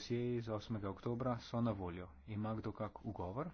dosjeji z 8. oktobra so na voljo. Ima kdo kak ugovor?